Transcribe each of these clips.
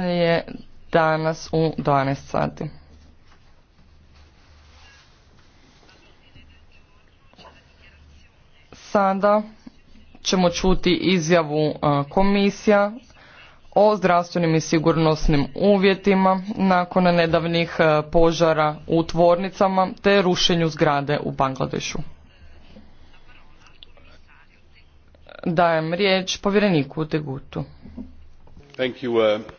je danas u 12 sati. Sada ćemo čuti izjavu e, komisija o zdravstvenim i sigurnosnim uvjetima nakon nedavnih e, požara u tvornicama te rušenju zgrade u Bangladešu. Dajem riječ povjereniku Tegutu. Thank uh,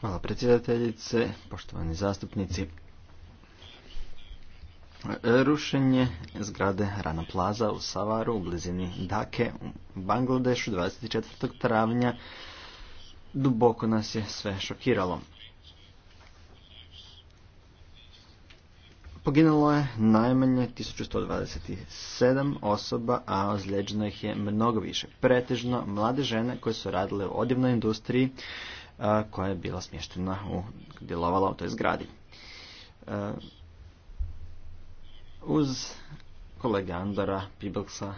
Hvala predsjedateljice, poštovani zastupnici. Rušenje zgrade Rana Plaza u Savaru u blizini Dake u Bangladešu 24. travnja duboko nas je sve šokiralo. Poginulo je najmanje 1127 osoba, a ozlijeđeno ih je mnogo više. Pretežno mlade žene koje su radile u odjevnoj industriji, koja je bila smještena u, djelovala u toj zgradi. E, uz kolege Andora Pibelsa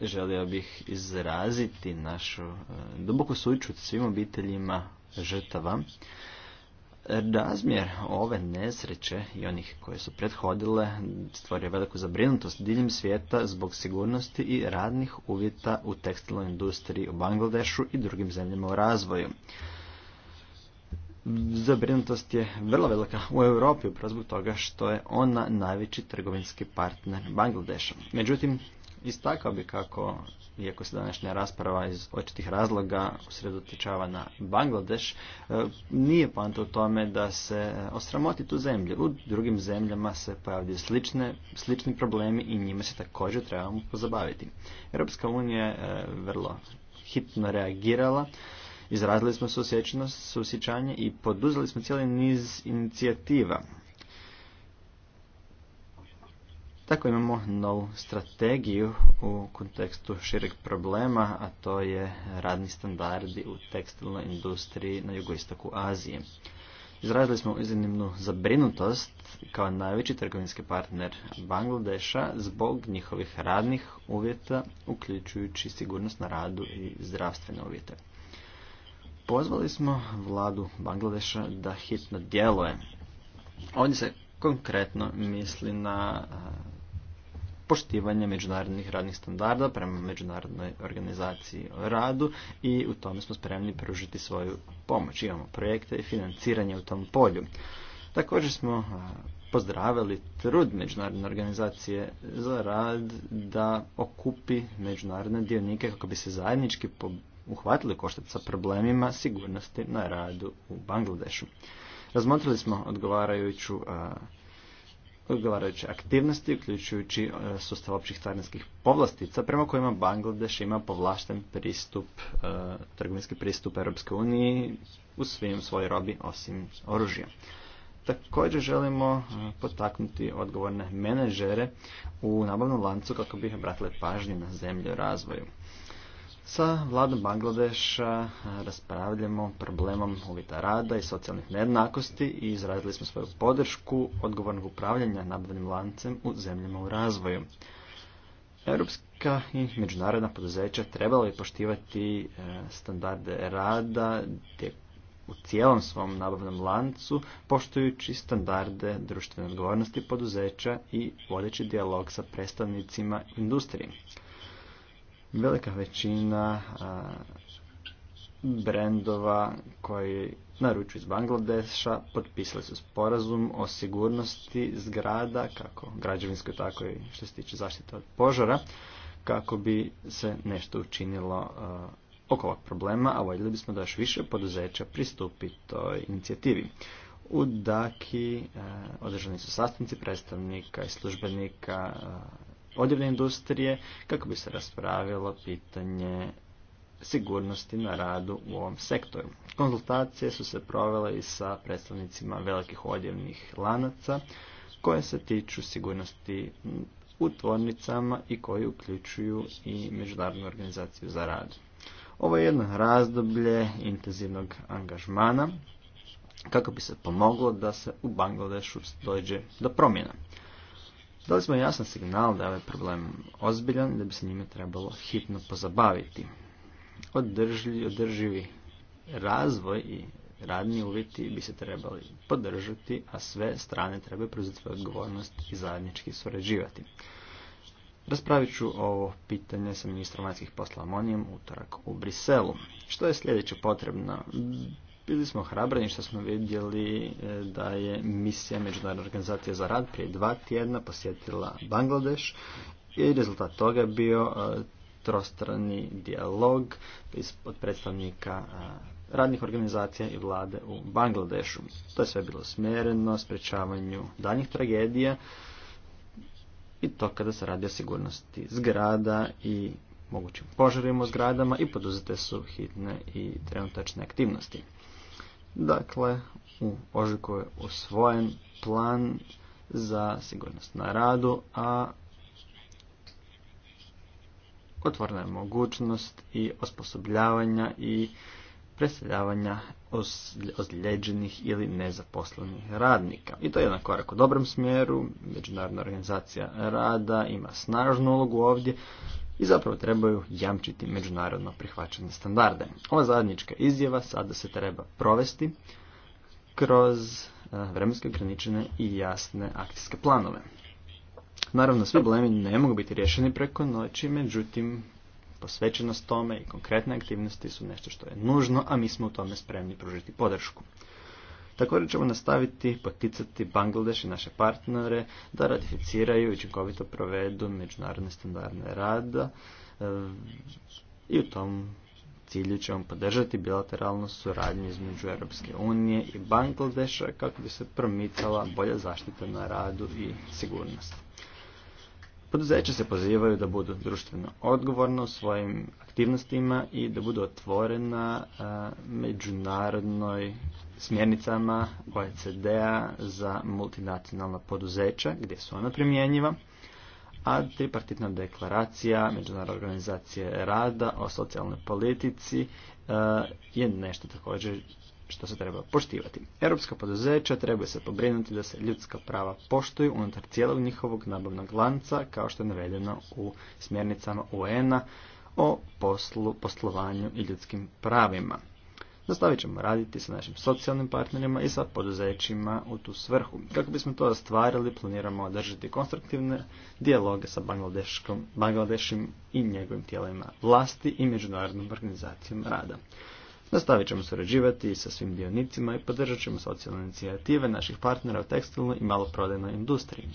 želio bih izraziti našu e, duboku sučut svim obiteljima žrtava. Razmjer ove nesreće i onih koje su prethodile stvorio veliku zabrinutost diljem svijeta zbog sigurnosti i radnih uvjeta u tekstilnoj industriji u Bangladešu i drugim zemljama u razvoju zabrinutost je vrlo velika u Europi upravo zbog toga što je ona najveći trgovinski partner Bangladeša. Međutim, istakao bi kako, iako se današnja rasprava iz očitih razloga usredotičava na Bangladeš, e, nije poanta u tome da se e, osramoti tu zemlju. U drugim zemljama se pojavljaju slične, slični problemi i njima se također trebamo pozabaviti. Europska unija je e, vrlo hitno reagirala Izrazili smo susjećnost, susjećanje i poduzeli smo cijeli niz inicijativa. Tako imamo novu strategiju u kontekstu šireg problema, a to je radni standardi u tekstilnoj industriji na jugoistoku Azije. Izrazili smo iznimnu zabrinutost kao najveći trgovinski partner Bangladeša zbog njihovih radnih uvjeta, uključujući sigurnost na radu i zdravstvene uvjete pozvali smo vladu Bangladeša da hitno djeluje. Ovdje se konkretno misli na poštivanje međunarodnih radnih standarda prema Međunarodnoj organizaciji o radu i u tome smo spremni pružiti svoju pomoć. Imamo projekte i financiranje u tom polju. Također smo pozdravili trud Međunarodne organizacije za rad da okupi međunarodne dionike kako bi se zajednički uhvatili koštac sa problemima sigurnosti na radu u Bangladešu. Razmotrili smo odgovarajuću odgovarajuće aktivnosti, uključujući sustav općih carinskih povlastica, prema kojima Bangladeš ima povlašten pristup, trgovinski pristup Europske uniji u svim svojoj robi osim oružja. Također želimo potaknuti odgovorne menedžere u nabavnom lancu kako bi ih pažnju na zemlju razvoju. Sa vladom Bangladeša eh, raspravljamo problemom uvjeta rada i socijalnih nejednakosti i izrazili smo svoju podršku odgovornog upravljanja nabavnim lancem u zemljama u razvoju. Europska i međunarodna poduzeća trebala bi poštivati eh, standarde rada u cijelom svom nabavnom lancu, poštujući standarde društvene odgovornosti poduzeća i vodeći dijalog sa predstavnicima industrije velika većina brendova koji naručuju iz Bangladeša potpisali su sporazum o sigurnosti zgrada, kako građevinskoj, tako i što se tiče zaštite od požara, kako bi se nešto učinilo oko ovog problema, a voljeli bismo da još više poduzeća pristupi toj inicijativi. U Daki održani su sastanci predstavnika i službenika odjevne industrije kako bi se raspravilo pitanje sigurnosti na radu u ovom sektoru. Konzultacije su se provele i sa predstavnicima velikih odjevnih lanaca koje se tiču sigurnosti u tvornicama i koji uključuju i Međunarodnu organizaciju za rad. Ovo je jedno razdoblje intenzivnog angažmana kako bi se pomoglo da se u Bangladešu dođe do promjena. Dali smo jasan signal da je ovaj problem ozbiljan i da bi se njime trebalo hitno pozabaviti. održivi razvoj i radni uvjeti bi se trebali podržati, a sve strane trebaju preuzeti svoju odgovornost i zajednički surađivati. Raspravit ću ovo pitanje sa ministrom vanjskih poslova Monijem utorak u Briselu. Što je sljedeće potrebno? Bili smo hrabrani što smo vidjeli e, da je misija Međunarodne organizacije za rad prije dva tjedna posjetila Bangladeš i rezultat toga je bio e, trostrani dijalog od predstavnika e, radnih organizacija i vlade u Bangladešu. To je sve bilo smjereno sprečavanju daljnjih tragedija i to kada se radi o sigurnosti zgrada i mogućim požarima u zgradama i poduzete su hitne i trenutačne aktivnosti. Dakle, u ožujku je usvojen plan za sigurnost na radu, a otvorena je mogućnost i osposobljavanja i preseljavanja ozlijeđenih ili nezaposlenih radnika. I to je jedan korak u dobrom smjeru. Međunarodna organizacija rada ima snažnu ulogu ovdje, i zapravo trebaju jamčiti međunarodno prihvaćene standarde. Ova zajednička izjava sada se treba provesti kroz e, vremenske ograničene i jasne akcijske planove. Naravno, svi problemi ne mogu biti rješeni preko noći, međutim, posvećenost tome i konkretne aktivnosti su nešto što je nužno, a mi smo u tome spremni pružiti podršku. Također ćemo nastaviti poticati Bangladeš i naše partnere da ratificiraju i učinkovito provedu međunarodne standardne rada e, i u tom cilju ćemo podržati bilateralnu suradnju između Europske unije i Bangladeša kako bi se promicala bolja zaštita na radu i sigurnost. Poduzeće se pozivaju da budu društveno odgovorno u svojim aktivnostima i da budu otvorena e, međunarodnoj smjernicama OECD-a za multinacionalna poduzeća, gdje su ona primjenjiva, a tripartitna deklaracija Međunarodne organizacije rada o socijalnoj politici e, je nešto također što se treba poštivati. Europska poduzeća trebaju se pobrinuti da se ljudska prava poštuju unutar cijelog njihovog nabavnog lanca, kao što je navedeno u smjernicama UN-a o poslu, poslovanju i ljudskim pravima. Nastavit ćemo raditi sa našim socijalnim partnerima i sa poduzećima u tu svrhu. Kako bismo to ostvarili, planiramo održati konstruktivne dijaloge sa Bangladešim i njegovim tijelima vlasti i Međunarodnom organizacijom rada. Nastavit ćemo surađivati sa svim dionicima i podržat ćemo socijalne inicijative naših partnera u tekstilnoj i maloprodajnoj industriji.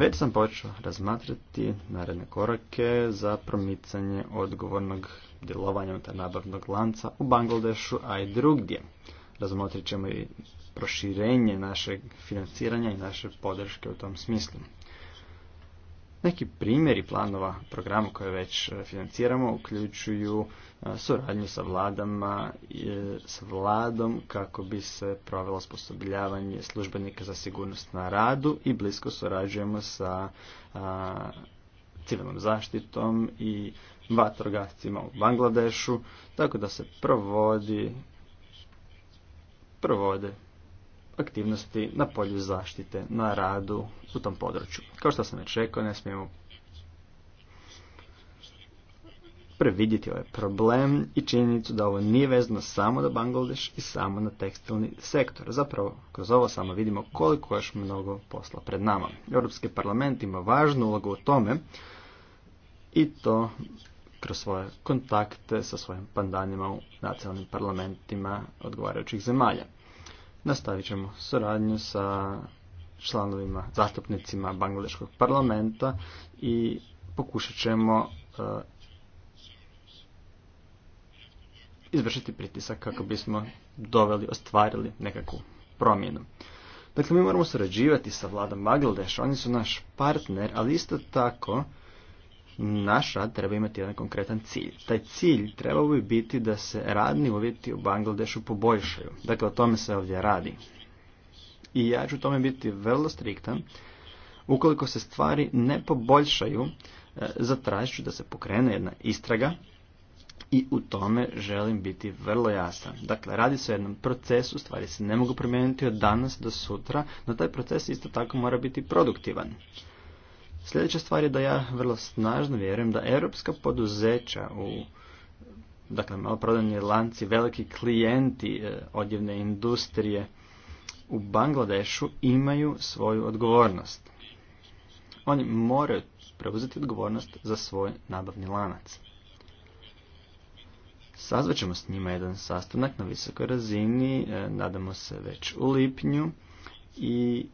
Već sam počeo razmatrati naredne korake za promicanje odgovornog djelovanja unutar nabavnog lanca u Bangladešu, a i drugdje. Razmotrit ćemo i proširenje našeg financiranja i naše podrške u tom smislu. Neki primjeri planova programa koje već e, financiramo uključuju e, suradnju sa vladama, e, s vladom kako bi se provelo osposobljavanje službenika za sigurnost na radu i blisko surađujemo sa civilnom zaštitom i vatrogascima u Bangladešu, tako da se provodi provode aktivnosti na polju zaštite na radu u tom području. Kao što sam već rekao, ne smijemo previdjeti ovaj problem i činjenicu da ovo nije vezano samo na Bangladeš i samo na tekstilni sektor. Zapravo, kroz ovo samo vidimo koliko još mnogo posla pred nama. Europski parlament ima važnu ulogu u tome i to kroz svoje kontakte sa svojim pandanima u nacionalnim parlamentima odgovarajućih zemalja. Nastavit ćemo suradnju sa članovima, zastupnicima Bangladeškog parlamenta i pokušat ćemo e, izvršiti pritisak kako bismo doveli, ostvarili nekakvu promjenu. Dakle, mi moramo surađivati sa vladom Bangladeša, oni su naš partner, ali isto tako naš rad treba imati jedan konkretan cilj. Taj cilj trebao bi biti da se radni uvjeti u Bangladešu poboljšaju. Dakle, o tome se ovdje radi. I ja ću tome biti vrlo striktan. Ukoliko se stvari ne poboljšaju, e, zatražit ću da se pokrene jedna istraga i u tome želim biti vrlo jasan. Dakle, radi se o jednom procesu, stvari se ne mogu promijeniti od danas do sutra, no taj proces isto tako mora biti produktivan. Sljedeća stvar je da ja vrlo snažno vjerujem da europska poduzeća u dakle maloprodajni lanci, veliki klijenti e, odjevne industrije u Bangladešu imaju svoju odgovornost. Oni moraju preuzeti odgovornost za svoj nabavni lanac. Sazvat s njima jedan sastanak na visokoj razini, e, nadamo se već u lipnju i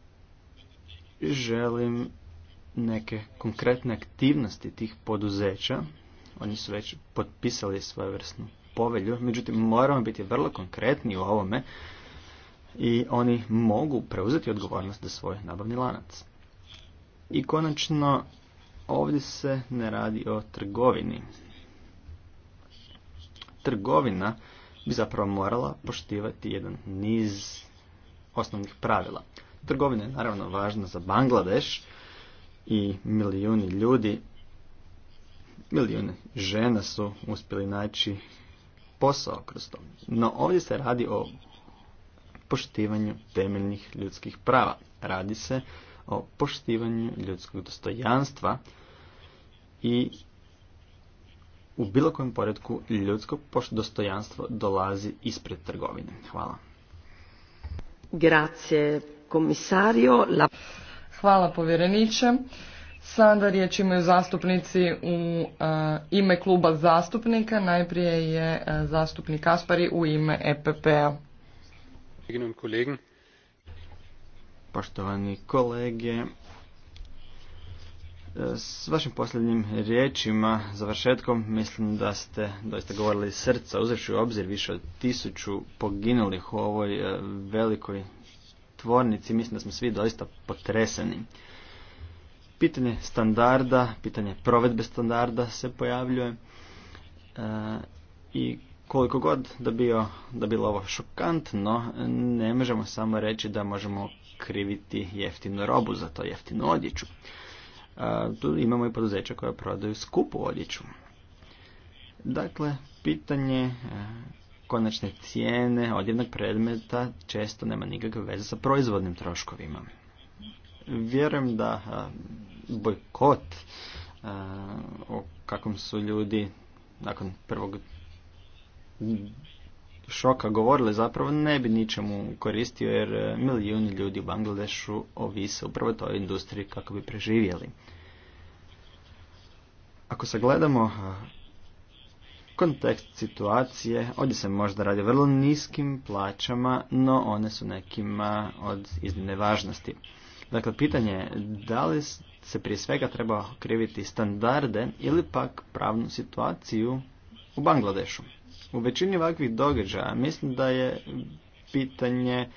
želim neke konkretne aktivnosti tih poduzeća. Oni su već potpisali svojevrsnu povelju, međutim moramo biti vrlo konkretni u ovome i oni mogu preuzeti odgovornost za svoj nabavni lanac. I konačno, ovdje se ne radi o trgovini. Trgovina bi zapravo morala poštivati jedan niz osnovnih pravila. Trgovina je naravno važna za Bangladeš, i milijuni ljudi, milijune žena su uspjeli naći posao kroz to. No ovdje se radi o poštivanju temeljnih ljudskih prava. Radi se o poštivanju ljudskog dostojanstva i u bilo kojem poredku ljudsko dostojanstvo dolazi ispred trgovine. Hvala. Grazie, komisario. Hvala povjereniče. Sada riječ imaju zastupnici u e, ime kluba zastupnika. Najprije je e, zastupnik Kaspari u ime EPP-a. Poštovani kolege, e, s vašim posljednjim riječima, završetkom, mislim da ste doista govorili srca, uzevši u obzir više od tisuću poginulih u ovoj velikoj tvornici, mislim da smo svi doista potreseni. Pitanje standarda, pitanje provedbe standarda se pojavljuje e, i koliko god da, bio, da bilo ovo šokantno, ne možemo samo reći da možemo kriviti jeftinu robu za to jeftinu odjeću. E, tu imamo i poduzeća koja prodaju skupu odjeću. Dakle, pitanje e, konačne cijene odjednog predmeta često nema nikakve veze sa proizvodnim troškovima. Vjerujem da bojkot o kakvom su ljudi nakon prvog šoka govorili zapravo ne bi ničemu koristio jer milijuni ljudi u Bangladešu ovise upravo toj industriji kako bi preživjeli. Ako se gledamo kontekst situacije, ovdje se možda radi o vrlo niskim plaćama, no one su nekima od iznimne važnosti. Dakle, pitanje je da li se prije svega treba kriviti standarde ili pak pravnu situaciju u Bangladešu. U većini ovakvih događaja mislim da je pitanje e,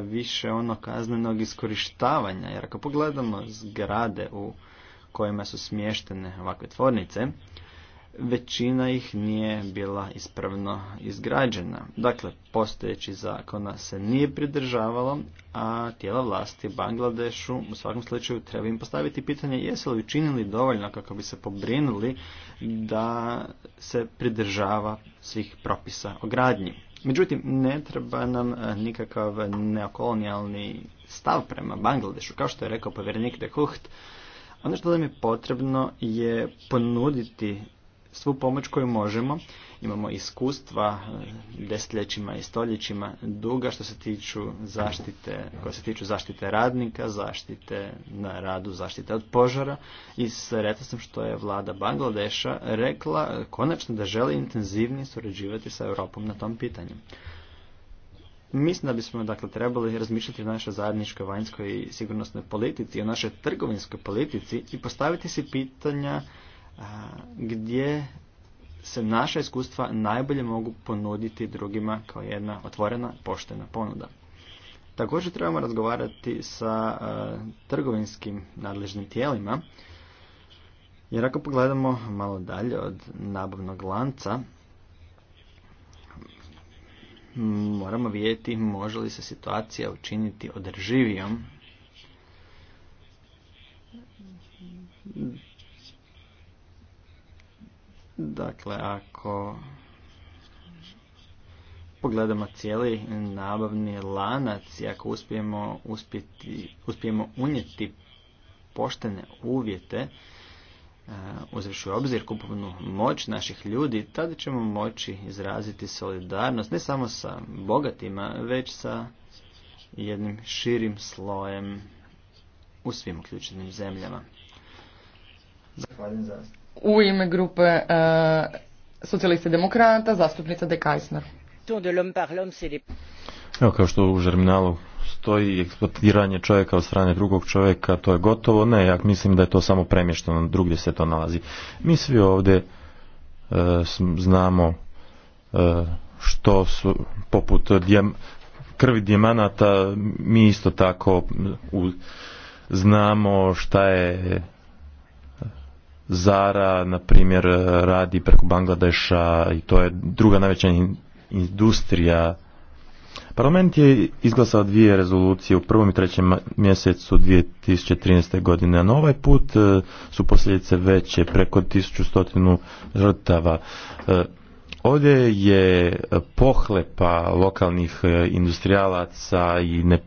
više ono kaznenog iskorištavanja, jer ako pogledamo zgrade u kojima su smještene ovakve tvornice, većina ih nije bila ispravno izgrađena. Dakle, postojeći zakona se nije pridržavalo, a tijela vlasti Bangladešu u svakom slučaju treba im postaviti pitanje jesu li učinili dovoljno kako bi se pobrinuli da se pridržava svih propisa o gradnji. Međutim, ne treba nam eh, nikakav neokolonijalni stav prema Bangladešu. Kao što je rekao povjerenik de Hucht, ono što nam je potrebno je ponuditi svu pomoć koju možemo. Imamo iskustva e, desetljećima i stoljećima duga što se tiču zaštite, koja se tiču zaštite radnika, zaštite na radu, zaštite od požara i s sam što je vlada Bangladeša rekla e, konačno da želi intenzivnije surađivati sa Europom na tom pitanju. Mislim da bismo dakle trebali razmišljati o našoj zajedničkoj vanjskoj i sigurnosnoj politici, o našoj trgovinskoj politici i postaviti si pitanja gdje se naša iskustva najbolje mogu ponuditi drugima kao jedna otvorena, poštena ponuda. Također trebamo razgovarati sa e, trgovinskim nadležnim tijelima, jer ako pogledamo malo dalje od nabavnog lanca, moramo vidjeti može li se situacija učiniti održivijom Dakle, ako pogledamo cijeli nabavni lanac i ako uspijemo, uspijemo unijeti poštene uvjete, e, uzevši obzir kupovnu moć naših ljudi, tada ćemo moći izraziti solidarnost ne samo sa bogatima, već sa jednim širim slojem u svim uključenim zemljama. Zahvaljujem za u ime grupe socijaliste socijalista demokrata, zastupnica De Kajsner. Evo kao što u Žerminalu stoji eksploatiranje čovjeka od strane drugog čovjeka, to je gotovo. Ne, ja mislim da je to samo premješteno, drugdje se to nalazi. Mi svi ovdje e, znamo e, što su poput krvi dijemanata, mi isto tako znamo šta je Zara, na primjer, radi preko Bangladeša i to je druga najveća industrija. Parlament je izglasao dvije rezolucije u prvom i trećem mjesecu 2013. godine, a na ovaj put e, su posljedice veće, preko 1100 žrtava. E, ovdje je pohlepa lokalnih e, industrijalaca i ne,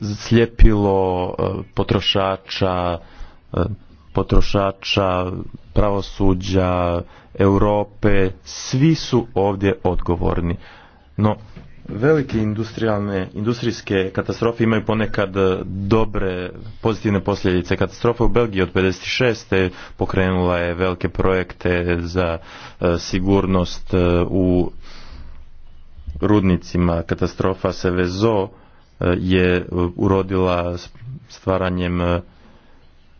sljepilo potrošača E, potrošača, pravosuđa, Europe, svi su ovdje odgovorni. No, velike industrijalne, industrijske katastrofe imaju ponekad e, dobre pozitivne posljedice. Katastrofa u Belgiji od 1956. pokrenula je velike projekte za e, sigurnost u rudnicima. Katastrofa Sevezo je urodila stvaranjem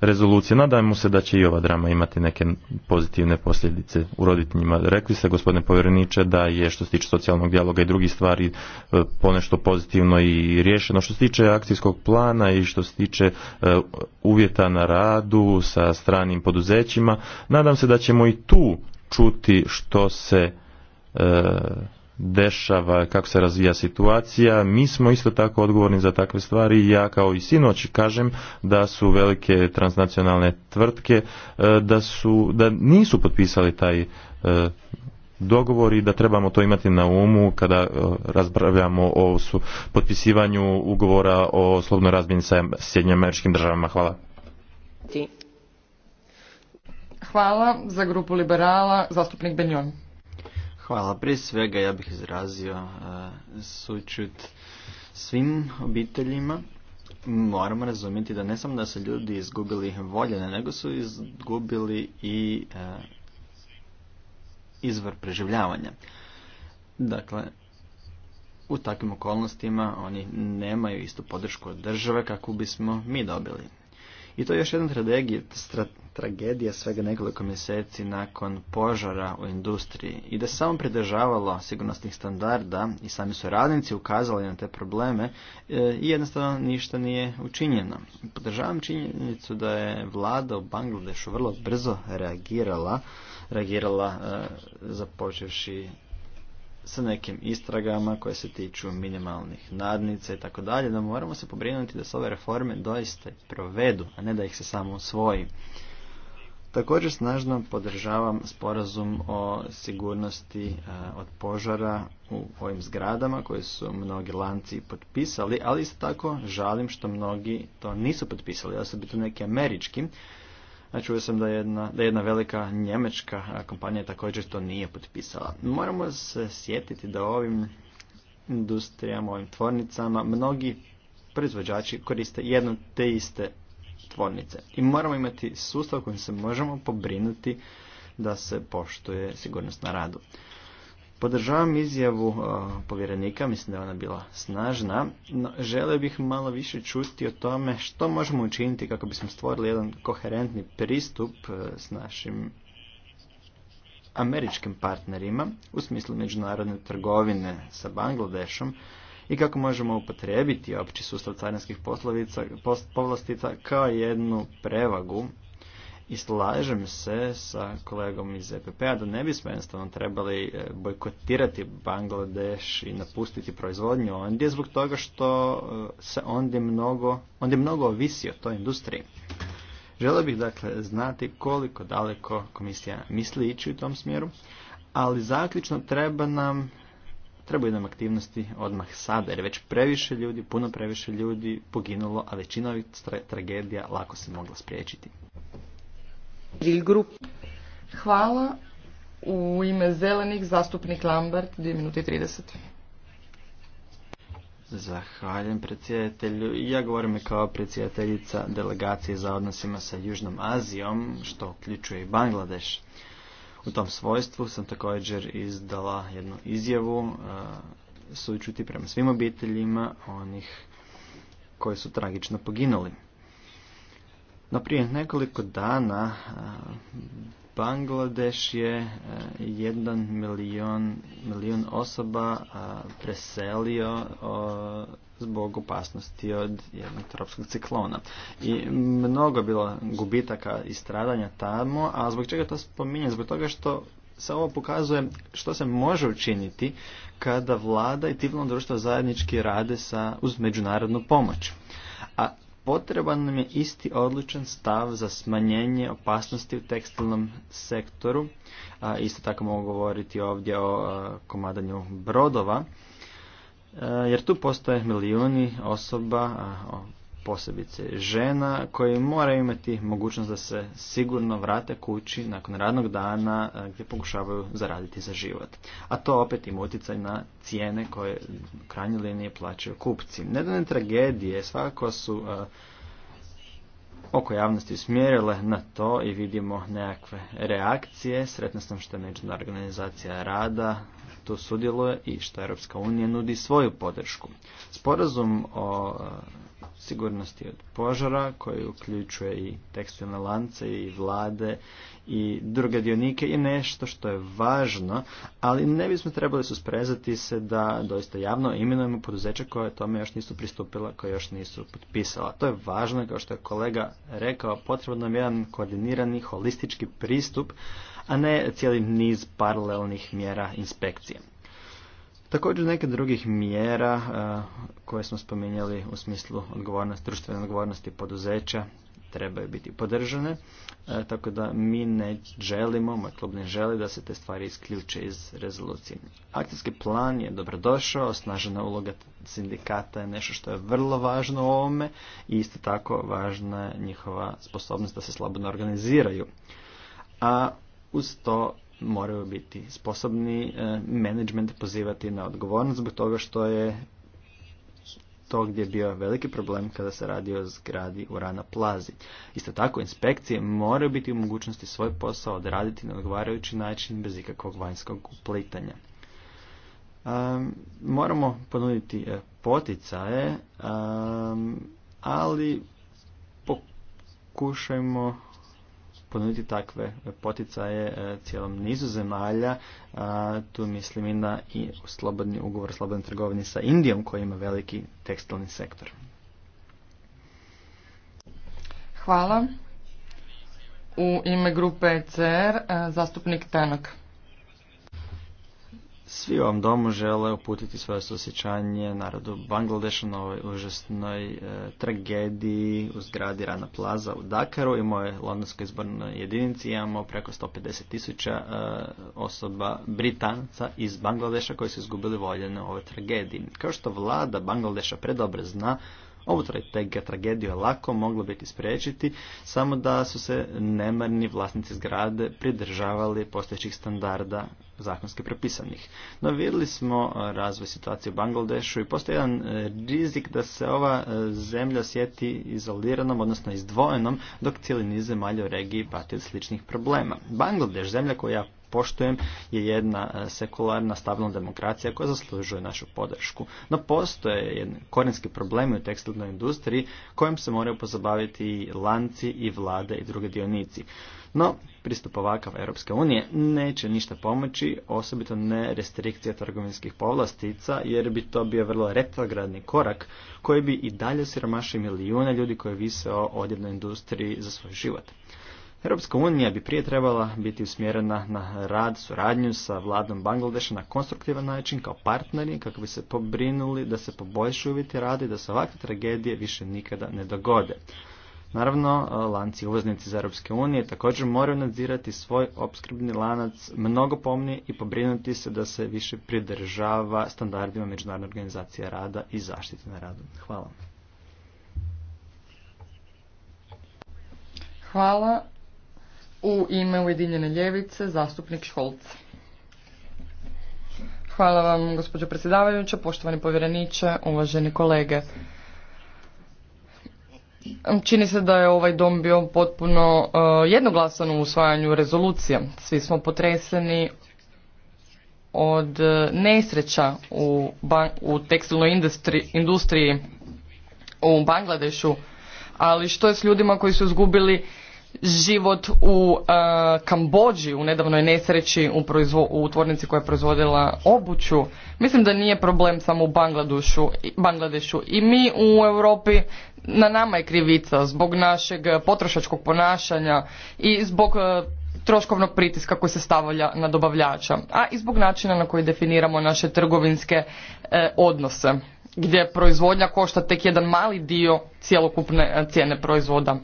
rezolucije. Nadajmo se da će i ova drama imati neke pozitivne posljedice u roditeljima. Rekli ste, gospodine povjereniče, da je što se tiče socijalnog dijaloga i drugih stvari e, ponešto pozitivno i riješeno. Što se tiče akcijskog plana i što se tiče e, uvjeta na radu sa stranim poduzećima, nadam se da ćemo i tu čuti što se e, dešava, kako se razvija situacija. Mi smo isto tako odgovorni za takve stvari. Ja kao i sinoć kažem da su velike transnacionalne tvrtke e, da, su, da nisu potpisali taj e, dogovor i da trebamo to imati na umu kada e, raspravljamo o potpisivanju ugovora o slobnoj razmjeni sa Sjedinjim američkim državama. Hvala. Hvala za grupu liberala, zastupnik Benjon. Hvala. Prije svega ja bih izrazio uh, e, sučut svim obiteljima. Moramo razumjeti da ne samo da su ljudi izgubili voljene, nego su izgubili i uh, izvor preživljavanja. Dakle, u takvim okolnostima oni nemaju istu podršku od države kakvu bismo mi dobili. I to je još jedna tragedija, svega nekoliko mjeseci nakon požara u industriji i da se samo pridržavalo sigurnosnih standarda i sami su radnici ukazali na te probleme e, i jednostavno ništa nije učinjeno. Podržavam činjenicu da je vlada u Bangladešu vrlo brzo reagirala, reagirala e, započevši sa nekim istragama koje se tiču minimalnih nadnica i tako dalje, da moramo se pobrinuti da se ove reforme doista provedu, a ne da ih se samo usvoji. Također snažno podržavam sporazum o sigurnosti e, od požara u ovim zgradama koje su mnogi lanci potpisali, ali isto tako žalim što mnogi to nisu potpisali, osobito neki američki, Znači, sam da jedna, da jedna velika njemečka kompanija također to nije potpisala. Moramo se sjetiti da ovim industrijama, ovim tvornicama, mnogi proizvođači koriste jedno te iste tvornice. I moramo imati sustav kojim se možemo pobrinuti da se poštuje sigurnost na radu. Podržavam izjavu povjerenika, mislim da je ona bila snažna, no želio bih malo više čuti o tome što možemo učiniti kako bismo stvorili jedan koherentni pristup e, s našim američkim partnerima u smislu međunarodne trgovine sa Bangladešom i kako možemo upotrijebiti opći sustav carinskih povlastica kao jednu prevagu i slažem se sa kolegom iz EPP-a da ne bismo jednostavno trebali e, bojkotirati Bangladeš i napustiti proizvodnju ondje zbog toga što e, se ondje mnogo, ondje mnogo ovisi o toj industriji. Želio bih dakle znati koliko daleko komisija misli ići u tom smjeru, ali zaključno treba nam trebaju nam aktivnosti odmah sada, jer već previše ljudi, puno previše ljudi poginulo, a većina ovih tragedija lako se mogla spriječiti. Hvala. U ime zelenih zastupnik Lambert, 2 minute i 30. Zahvaljujem predsjedatelju. Ja govorim kao predsjedateljica delegacije za odnosima sa Južnom Azijom, što uključuje i Bangladeš. U tom svojstvu sam također izdala jednu izjavu e, sučuti prema svim obiteljima onih koji su tragično poginuli. No prije nekoliko dana Bangladeš je e, jedan milion, milijun osoba preselio zbog opasnosti od jednog tropskog ciklona. I mnogo bilo gubitaka i stradanja tamo, a zbog čega to spominjem? Zbog toga što se ovo pokazuje što se može učiniti kada vlada i civilno društvo zajednički rade sa, uz međunarodnu pomoć. A Potreban nam je isti odlučan stav za smanjenje opasnosti u tekstilnom sektoru. A, isto tako mogu govoriti ovdje o komadanju brodova, jer tu postoje milijuni osoba, posebice žena koje moraju imati mogućnost da se sigurno vrate kući nakon radnog dana eh, gdje pokušavaju zaraditi za život. A to opet ima utjecaj na cijene koje u krajnjoj liniji plaćaju kupci. Nedane tragedije svakako su eh, oko javnosti usmjerile na to i vidimo nekakve reakcije. Sretna sam što je organizacija rada tu sudjeluje i što Europska unija nudi svoju podršku. Sporazum o eh, sigurnosti od požara koji uključuje i tekstilne lance i vlade i druge dionike je nešto što je važno, ali ne bismo trebali susprezati se da doista javno imenujemo poduzeća koje tome još nisu pristupila, koje još nisu potpisala. To je važno, kao što je kolega rekao, potrebno je jedan koordinirani, holistički pristup, a ne cijeli niz paralelnih mjera inspekcije. Također neke drugih mjera e, koje smo spominjali u smislu odgovornosti, društvene odgovornosti poduzeća trebaju biti podržane, e, tako da mi ne želimo, moj klub ne želi da se te stvari isključe iz rezolucije. Akcijski plan je dobrodošao, osnažena uloga sindikata je nešto što je vrlo važno u ovome i isto tako važna je njihova sposobnost da se slobodno organiziraju. A uz to moraju biti sposobni e, management pozivati na odgovornost zbog toga što je to gdje je bio veliki problem kada se radi o zgradi u Rana Plazi. Isto tako, inspekcije moraju biti u mogućnosti svoj posao odraditi na odgovarajući način bez ikakvog vanjskog uplitanja. Um, moramo ponuditi e, poticaje, um, ali pokušajmo ponuditi takve poticaje e, cijelom nizu zemalja. tu mislim i na i slobodni ugovor o slobodnoj trgovini sa Indijom koji ima veliki tekstilni sektor. Hvala. U ime grupe ECR, e, zastupnik Tanak. Svi u ovom domu žele uputiti svoje susjećanje narodu Bangladeša na ovoj užasnoj e, tragediji u zgradi Rana Plaza u Dakaru i moje londonskoj izbornoj jedinici imamo preko 150 tisuća e, osoba Britanca iz Bangladeša koji su izgubili voljene u ovoj tragediji. Kao što vlada Bangladeša predobre zna, Ovu tragediju je lako moglo biti spriječiti, samo da su se nemarni vlasnici zgrade pridržavali postojećih standarda zakonski propisanih. No vidjeli smo e, razvoj situacije u Bangladešu i postoji jedan e, rizik da se ova e, zemlja sjeti izoliranom, odnosno izdvojenom, dok cijeli niz zemalja u regiji pati od sličnih problema. Bangladeš, zemlja koja poštujem je jedna e, sekularna stabilna demokracija koja zaslužuje našu podršku. No postoje jedni korenski problemi u tekstilnoj industriji kojim se moraju pozabaviti i lanci i vlade i druge dionici. No, pristup ovakav Europske unije neće ništa pomoći, osobito ne restrikcija trgovinskih povlastica, jer bi to bio vrlo retrogradni korak koji bi i dalje siromašio milijune ljudi koji vise o odjednoj industriji za svoj život. Europska unija bi prije trebala biti usmjerena na rad, suradnju sa vladom Bangladeša na konstruktivan način kao partneri kako bi se pobrinuli da se poboljšu uvjeti rada i da se ovakve tragedije više nikada ne dogode. Naravno, lanci uvoznici iz Europske unije također moraju nadzirati svoj opskrbni lanac mnogo pomnije i pobrinuti se da se više pridržava standardima Međunarodne organizacije rada i zaštite na radu. Hvala. Hvala. U ime Ujedinjene ljevice, zastupnik Šolc. Hvala vam, gospođo predsjedavajuća, poštovani povjereniče, uvaženi kolege. Čini se da je ovaj dom bio potpuno e, jednoglasan u usvajanju rezolucije. Svi smo potreseni od e, nesreća u, tekstilnoj industriji u Bangladešu, ali što je s ljudima koji su izgubili život u e, Kambođi u nedavnoj nesreći u, u tvornici koja je proizvodila obuću. Mislim da nije problem samo u Bangladešu, Bangladešu. I mi u Europi na nama je krivica zbog našeg potrošačkog ponašanja i zbog e, troškovnog pritiska koji se stavlja na dobavljača, a i zbog načina na koji definiramo naše trgovinske e, odnose gdje proizvodnja košta tek jedan mali dio cjelokupne e, cijene proizvoda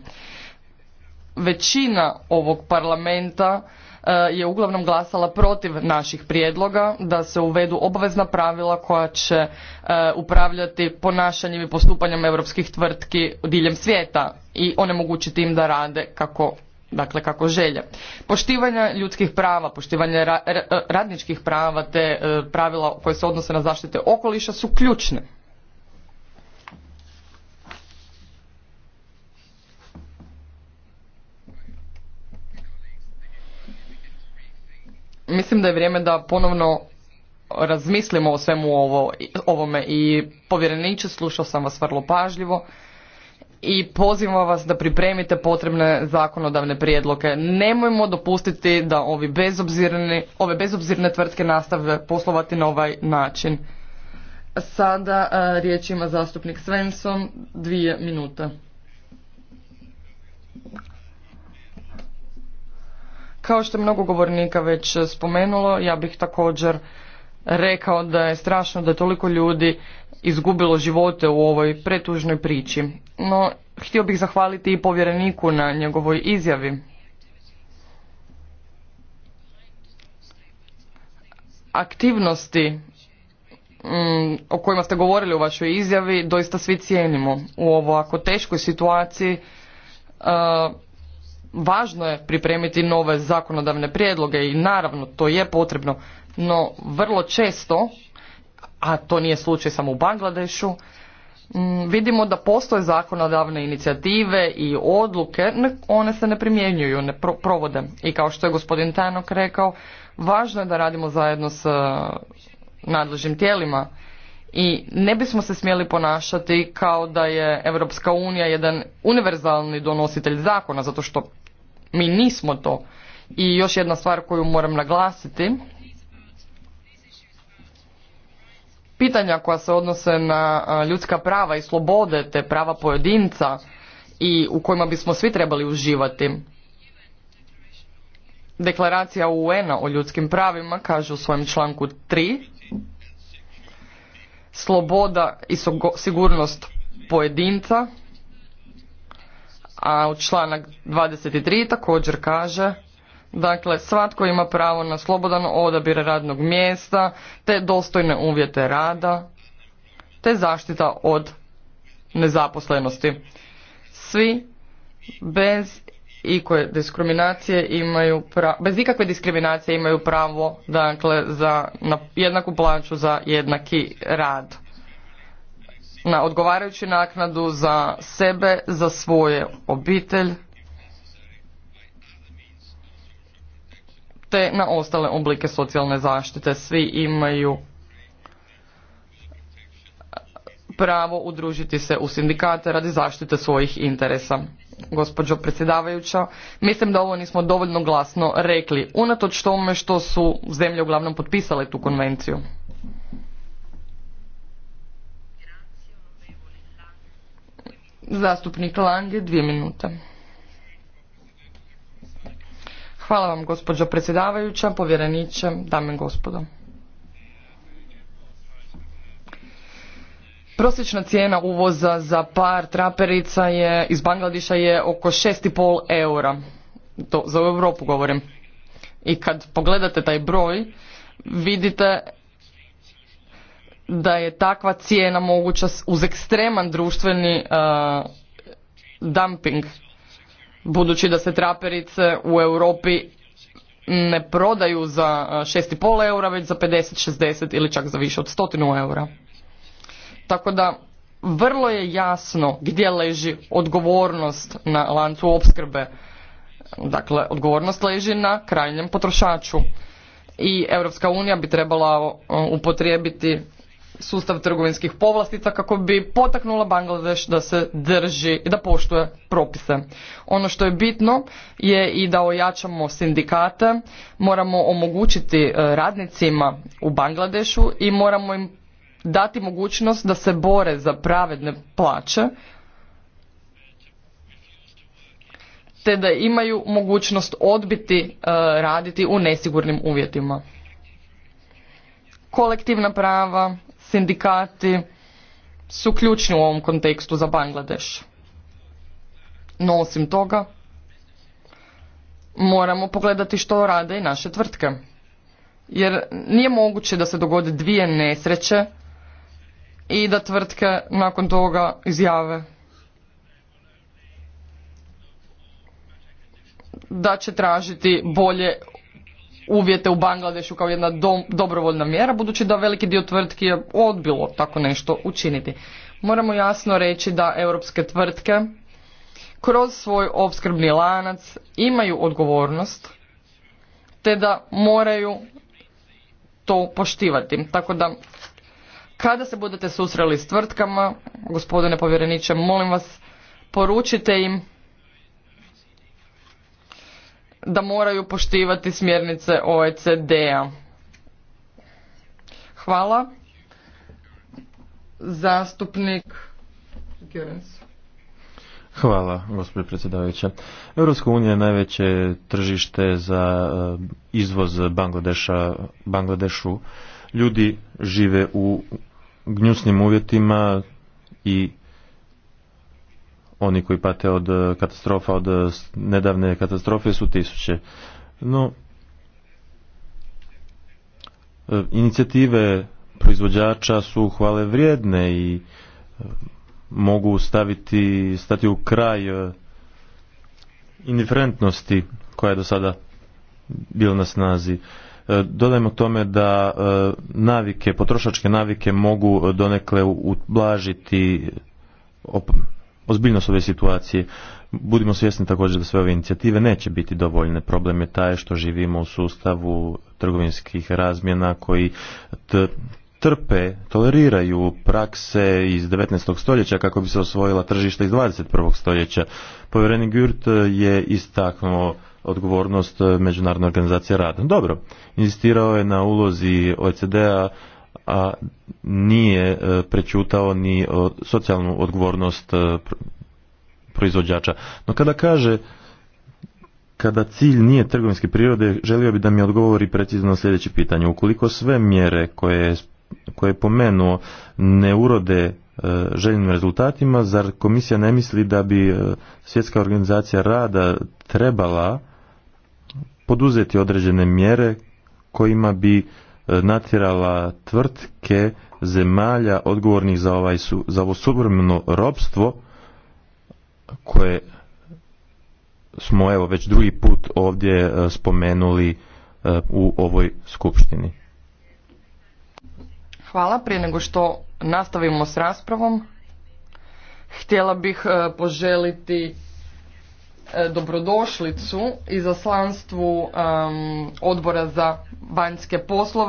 većina ovog parlamenta e, je uglavnom glasala protiv naših prijedloga da se uvedu obavezna pravila koja će e, upravljati ponašanjem i postupanjem europskih tvrtki diljem svijeta i onemogućiti im da rade kako dakle kako želje. Poštivanje ljudskih prava, poštivanje radničkih prava te e, pravila koje se odnose na zaštite okoliša su ključne. mislim da je vrijeme da ponovno razmislimo o svemu ovo, ovome i povjereniče, slušao sam vas vrlo pažljivo i pozivam vas da pripremite potrebne zakonodavne prijedloge. Nemojmo dopustiti da ovi bezobzirni, ove bezobzirne tvrtke nastave poslovati na ovaj način. Sada a, e, riječ ima zastupnik Svensson, dvije minute. Kao što je mnogo govornika već spomenulo, ja bih također rekao da je strašno da je toliko ljudi izgubilo živote u ovoj pretužnoj priči. No, htio bih zahvaliti i povjereniku na njegovoj izjavi. Aktivnosti mm, o kojima ste govorili u vašoj izjavi doista svi cijenimo u ovako teškoj situaciji važno je pripremiti nove zakonodavne prijedloge i naravno to je potrebno, no vrlo često, a to nije slučaj samo u Bangladešu, mm, vidimo da postoje zakonodavne inicijative i odluke, one se ne primjenjuju, ne provode. I kao što je gospodin Tanok rekao, važno je da radimo zajedno s eh, nadležnim tijelima i ne bismo se smjeli ponašati kao da je Europska unija jedan univerzalni donositelj zakona, zato što mi nismo to. I još jedna stvar koju moram naglasiti. Pitanja koja se odnose na ljudska prava i slobode te prava pojedinca i u kojima bismo svi trebali uživati. Deklaracija UN-a o ljudskim pravima kaže u svojem članku 3 sloboda i sigurnost pojedinca a u članak 23 također kaže Dakle, svatko ima pravo na slobodan odabir radnog mjesta, te dostojne uvjete rada, te zaštita od nezaposlenosti. Svi bez ikakve diskriminacije imaju pravo, bez ikakve diskriminacije imaju pravo dakle za na jednaku plaću za jednaki rad na odgovarajuću naknadu za sebe, za svoje obitelj, te na ostale oblike socijalne zaštite. Svi imaju pravo udružiti se u sindikate radi zaštite svojih interesa. Gospođo predsjedavajuća, mislim da ovo nismo dovoljno glasno rekli, unatoč tome što su zemlje uglavnom potpisale tu konvenciju. Zastupnik Lange, dvije minute. Hvala vam, gospođo predsjedavajuća, povjereniče, dame i gospodo. Prosječna cijena uvoza za par traperica je, iz Bangladiša je oko 6,5 eura. To za Europu govorim. I kad pogledate taj broj, vidite da je takva cijena moguća uz ekstreman društveni uh, dumping budući da se traperice u Europi ne prodaju za 6,5 uh, eura, već za 50, 60 ili čak za više od 100 eura. Tako da vrlo je jasno gdje leži odgovornost na lancu opskrbe. Dakle, odgovornost leži na krajnjem potrošaču. I Europska unija bi trebala uh, upotrijebiti sustav trgovinskih povlastica kako bi potaknula Bangladeš da se drži i da poštuje propise. Ono što je bitno je i da ojačamo sindikate, moramo omogućiti e, radnicima u Bangladešu i moramo im dati mogućnost da se bore za pravedne plaće te da imaju mogućnost odbiti e, raditi u nesigurnim uvjetima. Kolektivna prava sindikati su ključni u ovom kontekstu za Bangladeš. No osim toga, moramo pogledati što rade i naše tvrtke. Jer nije moguće da se dogode dvije nesreće i da tvrtke nakon toga izjave da će tražiti bolje uvjete u Bangladešu kao jedna dobrovoljna mjera, budući da veliki dio tvrtki je odbilo tako nešto učiniti. Moramo jasno reći da europske tvrtke kroz svoj opskrbni lanac imaju odgovornost te da moraju to poštivati. Tako da kada se budete susreli s tvrtkama, gospodine povjereniče, molim vas poručite im da moraju poštivati smjernice OECD-a. Hvala. Zastupnik Hvala, gospođo predsjedavajuća. Europska unija je najveće tržište za e, izvoz Bangladeša, Bangladešu. Ljudi žive u gnjusnim uvjetima i oni koji pate od e, katastrofa, od e, nedavne katastrofe su tisuće. No, e, inicijative proizvođača su hvale vrijedne i mogu staviti, stati u kraj indiferentnosti koja je do sada bila na snazi. Dodajmo tome da navike, potrošačke navike mogu donekle ublažiti ozbiljnost ove situacije. Budimo svjesni također da sve ove inicijative neće biti dovoljne. Problem je taj što živimo u sustavu trgovinskih razmjena koji trpe, toleriraju prakse iz 19. stoljeća kako bi se osvojila tržišta iz 21. stoljeća. Povjereni Gürt je istaknuo odgovornost Međunarodne organizacije rada. Dobro, inzistirao je na ulozi OECD-a a nije e, prećutao ni socijalnu odgovornost e, proizvođača. No kada kaže kada cilj nije trgovinske prirode, želio bi da mi odgovori precizno na sljedeće pitanje. Ukoliko sve mjere koje, koje je pomenuo ne urode e, željenim rezultatima, zar komisija ne misli da bi svjetska organizacija rada trebala poduzeti određene mjere kojima bi natjerala tvrtke zemalja odgovornih za, ovaj, za ovo suvremeno robstvo koje smo evo već drugi put ovdje e, spomenuli e, u ovoj skupštini. Hvala. Prije nego što nastavimo s raspravom, htjela bih e, poželiti dobrodošlicu i izaslanstvu odbora za vanjske poslove